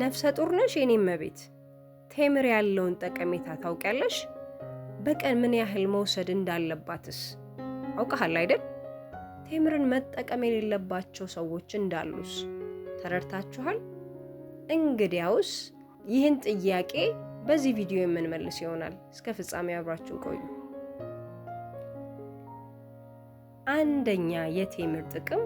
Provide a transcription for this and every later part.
ነፍሰ ጡር ነሽ የኔም መቤት ቴምር ያለውን ጠቀሜታ ታውቂያለሽ? በቀን ምን ያህል መውሰድ እንዳለባትስ አውቀሃል አይደል? ቴምርን መጠቀም የሌለባቸው ሰዎች እንዳሉስ ተረድታችኋል? እንግዲያውስ ይህን ጥያቄ በዚህ ቪዲዮ የምንመልስ ይሆናል። እስከ ፍጻሜ አብራችን ቆዩ። አንደኛ የቴምር ጥቅም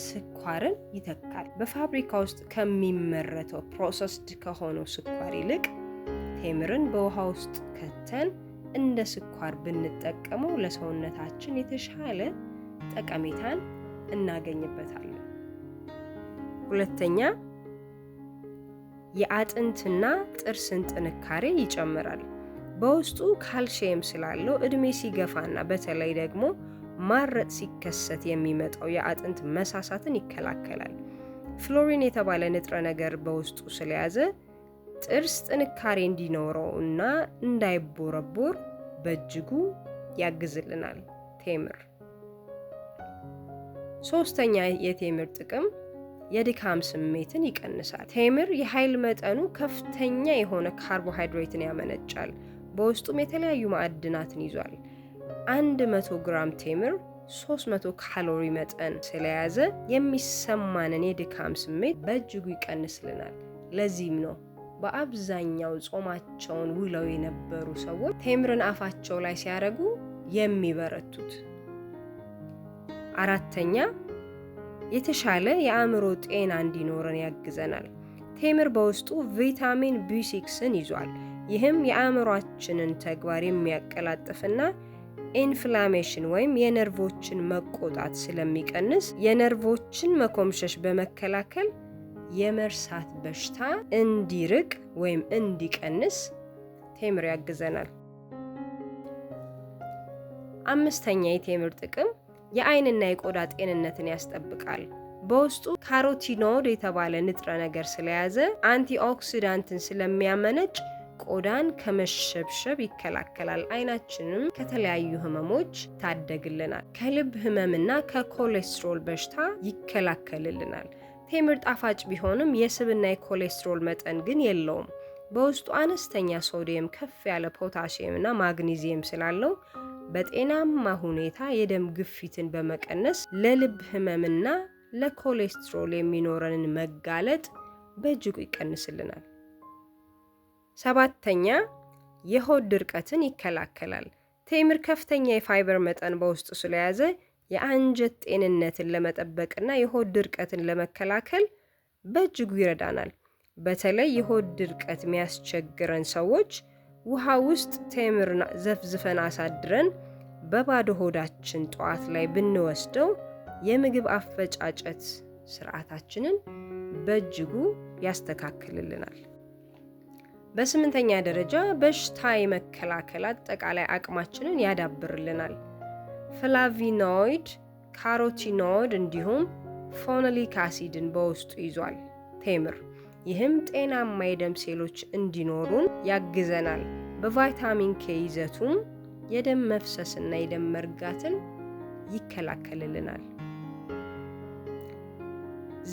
ስኳርን ይተካል። በፋብሪካ ውስጥ ከሚመረተው ፕሮሰስድ ከሆነው ስኳር ይልቅ ቴምርን በውሃ ውስጥ ከተን እንደ ስኳር ብንጠቀመው ለሰውነታችን የተሻለ ጠቀሜታን እናገኝበታለን። ሁለተኛ የአጥንትና ጥርስን ጥንካሬ ይጨምራል። በውስጡ ካልሲየም ስላለው እድሜ ሲገፋና በተለይ ደግሞ ማረጥ ሲከሰት የሚመጣው የአጥንት መሳሳትን ይከላከላል። ፍሎሪን የተባለ ንጥረ ነገር በውስጡ ስለያዘ ጥርስ ጥንካሬ እንዲኖረው እና እንዳይቦረቦር በእጅጉ ያግዝልናል። ቴምር። ሶስተኛ የቴምር ጥቅም የድካም ስሜትን ይቀንሳል። ቴምር የኃይል መጠኑ ከፍተኛ የሆነ ካርቦሃይድሬትን ያመነጫል። በውስጡም የተለያዩ ማዕድናትን ይዟል። 100 ግራም ቴምር 300 ካሎሪ መጠን ስለያዘ የሚሰማንን የድካም ስሜት በእጅጉ ይቀንስልናል። ለዚህም ነው በአብዛኛው ጾማቸውን ውለው የነበሩ ሰዎች ቴምርን አፋቸው ላይ ሲያደርጉ የሚበረቱት። አራተኛ የተሻለ የአእምሮ ጤና እንዲኖረን ያግዘናል። ቴምር በውስጡ ቪታሚን ቢ ይዟል ይህም የአእምሯችንን ተግባር የሚያቀላጥፍና ኢንፍላሜሽን ወይም የነርቮችን መቆጣት ስለሚቀንስ የነርቮችን መኮምሸሽ በመከላከል የመርሳት በሽታ እንዲርቅ ወይም እንዲቀንስ ቴምር ያግዘናል። አምስተኛ የቴምር ጥቅም የአይንና የቆዳ ጤንነትን ያስጠብቃል። በውስጡ ካሮቲኖድ የተባለ ንጥረ ነገር ስለያዘ አንቲ ኦክሲዳንትን ስለሚያመነጭ ቆዳን ከመሸብሸብ ይከላከላል። አይናችንም ከተለያዩ ህመሞች ታደግልናል። ከልብ ህመምና ከኮሌስትሮል በሽታ ይከላከልልናል። ቴምር ጣፋጭ ቢሆንም የስብና የኮሌስትሮል መጠን ግን የለውም። በውስጡ አነስተኛ ሶዲየም፣ ከፍ ያለ ፖታሽየም ማግኒዚየም ስላለው በጤናማ ሁኔታ የደም ግፊትን በመቀነስ ለልብ ህመምና ለኮሌስትሮል የሚኖረንን መጋለጥ በእጅጉ ይቀንስልናል። ሰባተኛ የሆድ ድርቀትን ይከላከላል። ቴምር ከፍተኛ የፋይበር መጠን በውስጡ ስለያዘ የአንጀት ጤንነትን ለመጠበቅና የሆድ ድርቀትን ለመከላከል በእጅጉ ይረዳናል። በተለይ የሆድ ድርቀት የሚያስቸግረን ሰዎች ውሃ ውስጥ ቴምር ዘፍዝፈን አሳድረን በባዶ ሆዳችን ጠዋት ላይ ብንወስደው የምግብ አፈጫጨት ስርዓታችንን በእጅጉ ያስተካክልልናል። በስምንተኛ ደረጃ በሽታ የመከላከል አጠቃላይ አቅማችንን ያዳብርልናል። ፍላቪኖይድ፣ ካሮቲኖይድ እንዲሁም ፎኖሊክ አሲድን በውስጡ ይዟል ቴምር። ይህም ጤናማ የደም ሴሎች እንዲኖሩን ያግዘናል። በቫይታሚን ኬ ይዘቱም የደም መፍሰስና የደም መርጋትን ይከላከልልናል።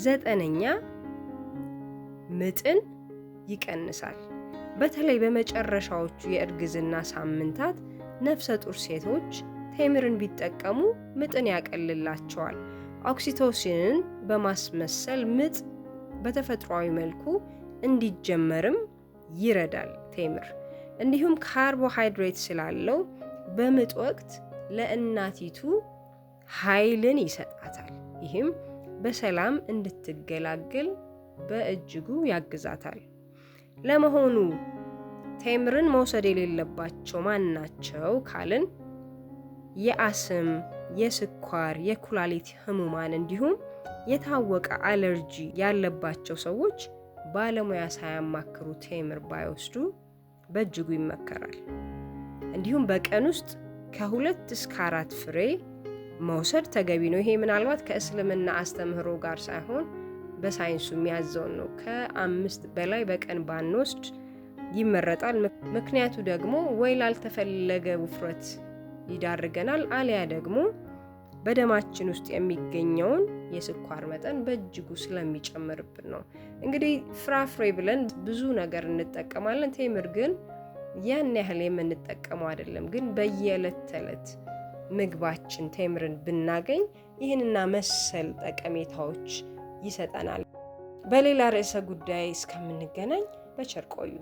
ዘጠነኛ ምጥን ይቀንሳል። በተለይ በመጨረሻዎቹ የእርግዝና ሳምንታት ነፍሰ ጡር ሴቶች ቴምርን ቢጠቀሙ ምጥን ያቀልላቸዋል። ኦክሲቶሲንን በማስመሰል ምጥ በተፈጥሯዊ መልኩ እንዲጀመርም ይረዳል። ቴምር እንዲሁም ካርቦሃይድሬት ስላለው በምጥ ወቅት ለእናቲቱ ኃይልን ይሰጣታል። ይህም በሰላም እንድትገላገል በእጅጉ ያግዛታል። ለመሆኑ ቴምርን መውሰድ የሌለባቸው ማን ናቸው ካልን የአስም፣ የስኳር፣ የኩላሊት ህሙማን እንዲሁም የታወቀ አለርጂ ያለባቸው ሰዎች ባለሙያ ሳያማክሩ ቴምር ባይወስዱ በእጅጉ ይመከራል። እንዲሁም በቀን ውስጥ ከሁለት እስከ አራት ፍሬ መውሰድ ተገቢ ነው። ይሄ ምናልባት ከእስልምና አስተምህሮ ጋር ሳይሆን በሳይንሱ የሚያዘውን ነው። ከአምስት በላይ በቀን ባንወስድ ይመረጣል። ምክንያቱ ደግሞ ወይ ላልተፈለገ ውፍረት ይዳርገናል፣ አሊያ ደግሞ በደማችን ውስጥ የሚገኘውን የስኳር መጠን በእጅጉ ስለሚጨምርብን ነው። እንግዲህ ፍራፍሬ ብለን ብዙ ነገር እንጠቀማለን። ቴምር ግን ያን ያህል የምንጠቀመው አይደለም። ግን በየዕለት ተዕለት ምግባችን ቴምርን ብናገኝ ይህንና መሰል ጠቀሜታዎች ይሰጠናል። በሌላ ርዕሰ ጉዳይ እስከምንገናኝ በቸር ቆዩ።